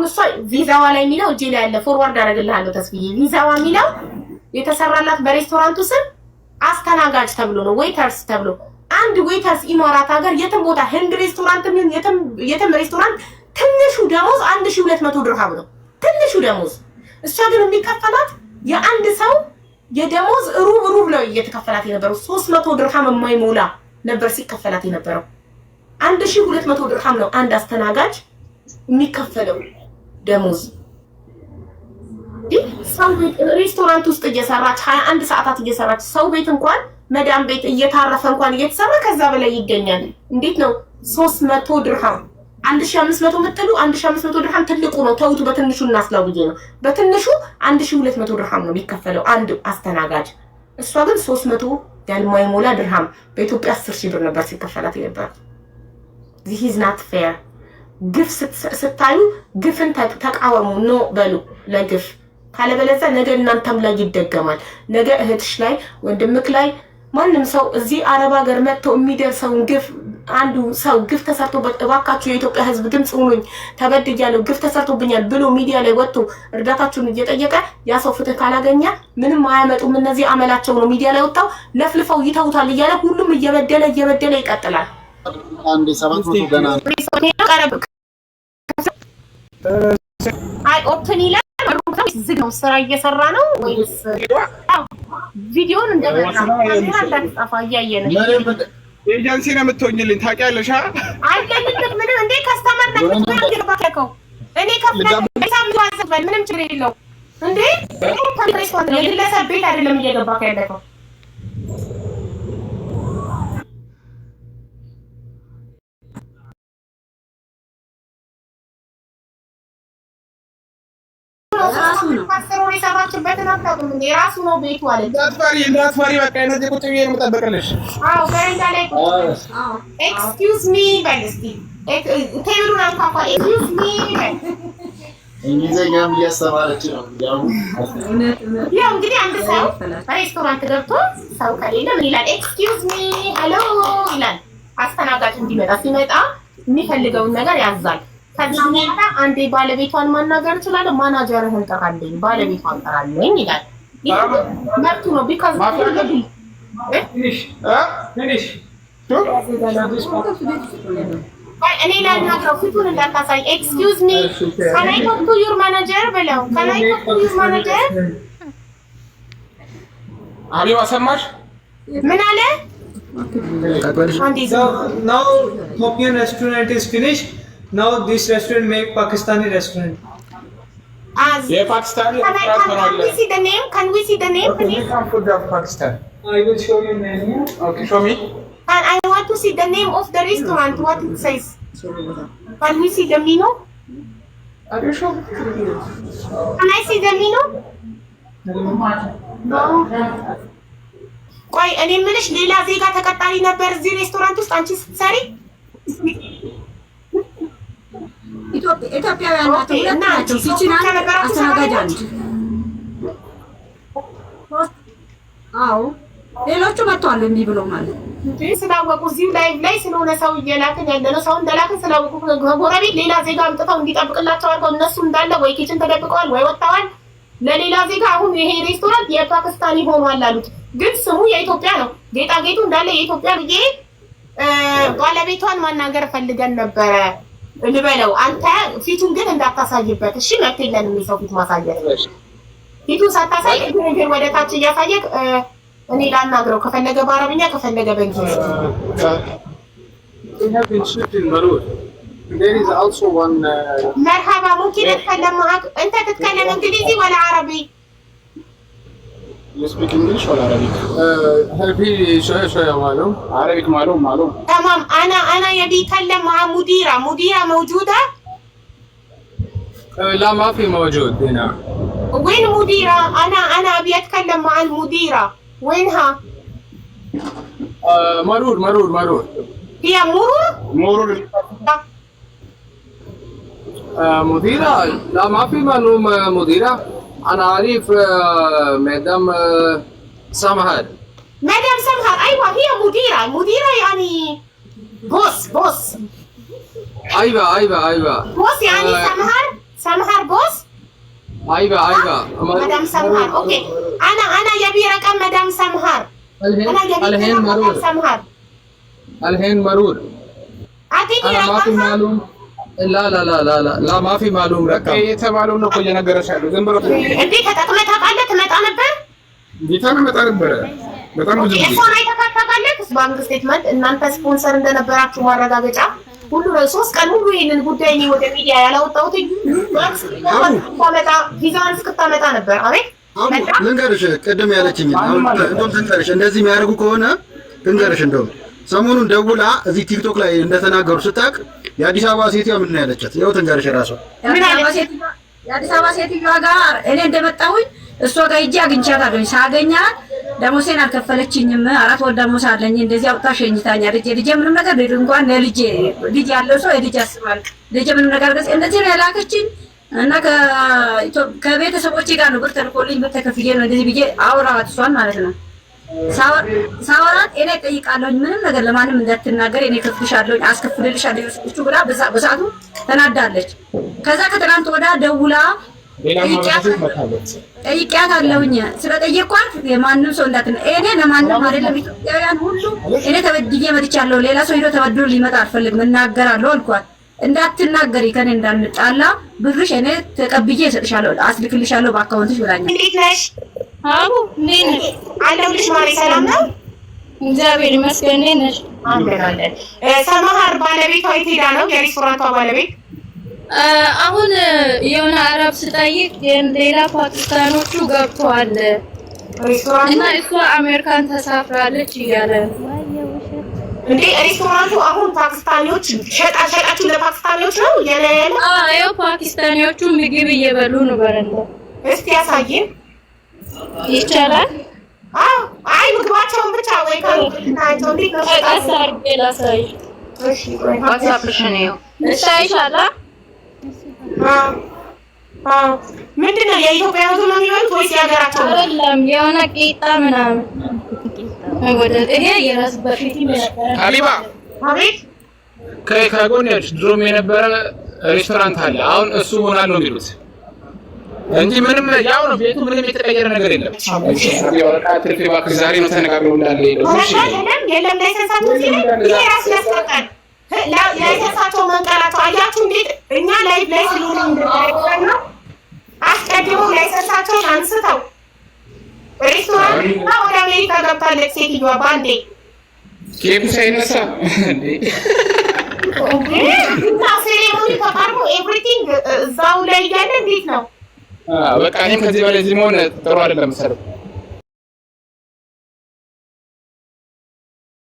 አሁን እሷ ቪዛዋ ላይ የሚለው እጄ ላይ ያለ ፎርዋርድ አደረግልሃለሁ ተስብዬ። ቪዛዋ የሚለው የተሰራላት በሬስቶራንቱ ስም አስተናጋጅ ተብሎ ነው፣ ዌይተርስ ተብሎ አንድ ዌይተርስ ኢማራት ሀገር የትም ቦታ ህንድ ሬስቶራንት ምን የትም ሬስቶራንት ትንሹ ደሞዝ አንድ ሺህ ሁለት መቶ ድርሃም ነው ትንሹ ደሞዝ። እሷ ግን የሚከፈላት የአንድ ሰው የደሞዝ ሩብ ሩብ ነው እየተከፈላት የነበረው። ሶስት መቶ ድርሃም የማይሞላ ነበር ሲከፈላት የነበረው። አንድ ሺህ ሁለት መቶ ድርሃም ነው አንድ አስተናጋጅ የሚከፈለው። ደሞዝ ሰው ቤት ሬስቶራንት ውስጥ እየሰራች ሀያ አንድ ሰዓታት እየሰራች ሰው ቤት እንኳን መዳም ቤት እየታረፈ እንኳን እየተሰራ ከዛ በላይ ይገኛል። እንዴት ነው ሶስት መቶ ድርሃም አንድ ሺ አምስት መቶ ምጥሉ አንድ ሺ አምስት መቶ ድርሃም ትልቁ ነው። ተውቱ በትንሹ እናስላው ብዬ ነው። በትንሹ አንድ ሺ ሁለት መቶ ድርሃም ነው የሚከፈለው አንድ አስተናጋጅ። እሷ ግን ሶስት መቶ ያልማይሞላ ድርሃም በኢትዮጵያ አስር ሺ ብር ነበር ሲከፈላት የነበር ዚሂዝ ናት ፌር ግፍ ስታዩ ግፍን ተቃወሙ፣ ኖ በሉ ለግፍ። ካለበለዚያ ነገ እናንተም ላይ ይደገማል። ነገ እህትሽ ላይ ወንድምክ ላይ ማንም ሰው እዚህ አረብ ሀገር መጥቶ የሚደርሰውን ግፍ አንዱ ሰው ግፍ ተሰርቶበት እባካችሁ የኢትዮጵያ ሕዝብ ድምፅ ሁኑኝ ተበድያለሁ፣ ግፍ ተሰርቶብኛል ብሎ ሚዲያ ላይ ወጥቶ እርዳታችሁን እየጠየቀ ያ ሰው ፍትህ ካላገኘ ምንም አያመጡም። እነዚህ አመላቸው ነው። ሚዲያ ላይ ወጥተው ለፍልፈው ይተውታል እያለ ሁሉም እየበደለ እየበደለ ይቀጥላል። አይ ኦፕን ይላል። ዝግ ነው። ስራ እየሰራ ነው ወይስ ቪዲዮን እንዳትጠፋ እያየን ኤጀንሲ ነው የምትሆኝልኝ ታውቂያለሽ? አለልህ ምንም እንደ ከስተመር ነግባከው እኔ ምንም ችግር የለው እንዴ ግለሰብ ቤት አይደለም እየገባ ያለከው ራሱ ነው የራሱ ነው ቤቱ አለ። እንዳትፈሪ እንዳትፈሪ፣ በቃ እነዚህ ቁጭ ነው የምጠብቅልሽ። አዎ በረንዳ ላይ ኤክስኪውዝ ሚ በል እስኪ ቴብሉን አንኳኳ። ኤክስኪውዝ ሚ በል እንግሊዘኛም እያስተማረች ነው። ያው እንግዲህ አንድ ሰው ሬስቶራንት ገብቶ ሰው ከሌለ ምን ይላል? ኤክስኪውዝ ሚ ሄሎ ይላል። አስተናጋጅ እንዲመጣ ሲመጣ የሚፈልገውን ነገር ያዛል። ከዚህ በኋላ አንዴ ባለቤቷን ማናገር እንችላለን። ማናጀርህን ጥራልኝ፣ ባለቤቷን ጥራልኝ ይላል። መብቱ ነው። እኔ ላናግረው፣ ፊቱን እንዳታሳይ። ኤክስኪውዝ ሚ ከናይ ቶክ ቱ ዩር ማናጀር ብለው ከናይ ቶክ ቱ ዩር ማናጀር። አቤባ ሰማሽ ምን አለ? Now this restaurant make Pakistani restaurant. As Yeah, Pakistani. can, I, can, can we see the name? Can we see the name, Okay, please? become food of Pakistan. I will show you menu. Okay, show me. And I want to see the name of the restaurant, what it says. Can we see the menu? Are you sure? Can I see the menu? No. ቆይ እኔ የምልሽ ሌላ ዜጋ ተቀጣሪ ነበር እዚህ ሬስቶራንት ውስጥ አንቺ ስትሰሪ ኢትዮጵያውያን ናቸው። ሲችን አስተናጋጅ አዎ ሌሎቹ መጥተዋል። እንዲህ ብሎ ማለት ስላወቁ እዚሁ ላይቭ ላይ ስለሆነ ሰው እየላክን ያለነው ሰው እንደላክን ስላወቁ ከጎረቤት ሌላ ዜጋ አምጥተው እንዲጠብቅላቸው አድርገው እነሱ እንዳለ ወይ ኪችን ተደብቀዋል ወይ ወጥተዋል ለሌላ ዜጋ። አሁን ይሄ ሬስቶራንት የፓኪስታኒ ሆኗል አሉት፣ ግን ስሙ የኢትዮጵያ ነው። ጌጣጌጡ እንዳለ የኢትዮጵያ ብዬ ባለቤቷን ማናገር ፈልገን ነበረ ልበለው አንተ ፊቱን ግን እንዳታሳይበት እሺ። መብት የለንም የሰው ፊት ማሳየት። ፊቱን ሳታሳይ እግር ግን ወደ ታች እያሳየህ እኔ ላናግረው ከፈለገ በአረብኛ ከፈለገ በእንግሊዝ መርሃባ ሙኪነት ከለማክ እንተ ትትከለም እንግሊዚ ወላ አረቢ سبيك انجلش ولا هل في شويه شويه معلوم عربي معلوم معلوم تمام انا انا يبي اتكلم مع مديره مديره موجوده؟ uh, لا ما في موجود هنا وين المديره؟ انا انا ابي اتكلم مع المديره وينها؟ uh, مرور مرور مرور هي مرور؟ مرور uh, مديره لا ما في معلوم مديره انا عارف آه، مدام آه، سمهر مدام سمهر ايوه هي مديره مديره يعني بوس بوس ايوه ايوه ايوه بوس يعني آه، سمهر سمهر بوس ايوه ايوه مدام سمهر اوكي انا انا يبي رقم مدام سمهر انا يبي رقم مدام سمهر الحين مرور اعطيني رقمها ላማፊ ማሉም ረካ የተባለው ነው እኮ እየነገረሽ ያለው ዝም ብሎ እንዴ። ተጠቅመህ ታውቃለህ? ትመጣ ነበር ጌታ መጣ ነበረ። በጣም ብዙ ጊዜ እሱን አይተካት ባንክ ስቴትመንት እናንተ ስፖንሰር እንደነበራችሁ ማረጋገጫ ሁሉ ነው። ሶስት ቀን ሁሉ ይሄንን ጉዳይ ነው ወደ ሚዲያ ያላወጣሁት ቪዛን እስክታመጣ ነበር። አቤት ልንገርሽ፣ ቅድም ያለችኝ እንደዚህ የሚያደርጉ ከሆነ ልንገርሽ እንደው ሰሞኑን ደውላ እዚህ ቲክቶክ ላይ እንደተናገሩ ስታቅ የአዲስ አበባ ሴትዮዋ ምን ያለቻት ያው ተንጋርሽ ራሷ የአዲስ አበባ ሴትዮዋ ጋር እኔ እንደመጣሁኝ እሷ ጋር ሂጅ አግኝቻታለሁ። ሳገኛት ደሞሴን አልከፈለችኝም። አራት ወር ደሞስ አለኝ። እንደዚህ አውጥታ ሸኝታኛ ልጄ ልጄ ምንም ነገር እንኳን ለልጄ ልጅ ያለው ሰው ልጅ ያስባል። ልጄ ምንም ነገር ገጽ እንደዚህ ነው የላከችኝ እና ከቤተሰቦቼ ጋር ነው ብር ተልኮልኝ ብር ተከፍዬ ነው እንደዚህ ብዬ አውራ እሷን ማለት ነው ሳወራት እኔ ጠይቃለሁኝ ምንም ነገር ለማንም እንዳትናገር እኔ ከፍልሻለሁኝ አስከፍልልሻለሁ እሱ ብላ በሰዓቱ ተናዳለች። ከዛ ከትናንት ወዳ ደውላ ጠይቂያት አለሁኝ ስለጠየኳት የማንም ሰው እንዳት እኔ ለማንም አይደለም ኢትዮጵያውያን ሁሉ እኔ ተበድዬ መጥቻለሁ። ሌላ ሰው ሄዶ ተበድሮ ሊመጣ አልፈልግም፣ እናገራለሁ አልኳት። እንዳትናገሪ ከኔ እንዳንጣላ ብርሽ እኔ ተቀብዬ እሰጥሻለሁ፣ አስልክልሻለሁ በአካውንትሽ ብላኛል። አቡ እንዴት ነሽ? አለሁልሽ እግዚአብሔር ይመስገን። እንዴት ባለቤቷ የት ሄዳ ነው? የሬስቶራንቷ ባለቤት አሁን የሆነ አረብ ስጠይቅ ሌላ ፓኪስታኖቹ ገብተዋል እና እሷ አሜሪካን ተሳፍራለች እያለ ነው እንዴ ሬስቶራንቱ አሁን ፓኪስታኒዎች ሸጣ ሸጣችሁ ለፓኪስታኒዎች ነው ያለ ያለ? አዎ ፓኪስታኒዎቹ ምግብ እየበሉ ነው በረንዳ። እስቲ ያሳየን ይቻላል። አይ ምግባቸውን ብቻ ወይ ላሳይ። ይሻላ። ምንድን ነው የኢትዮጵያ ነው የሚበሉት ወይስ የሀገራቸው? አይደለም የሆነ ቂጣ ምናምን አቤት። ከጎን ድሮም የነበረ ሬስቶራንት አለ። አሁን እሱ ሆናል ነው የሚሉት እንጂ ምንም ያው ነው ቤቱ፣ ምንም የተቀየረ ነገር የለም። ዛሬ ነው ተነጋግሮ እንዳለ መንቀራቸው እንዴት እኛ ላይ ላይ አስቀድሞ ላይሰንሳቸውን አንስተው ሬስቶራንት ወደ አሜሪካ ገብታለች ሴትዮዋ ባንዴ ኬኩ ሳይነሳ ሴሬሞኒ ኤቭሪቲንግ እዛው ላይ እያለ እንዴት ነው በቃ እኔም ከዚህ በላይ እዚህ መሆን ጥሩ አይደለም መሰለኝ።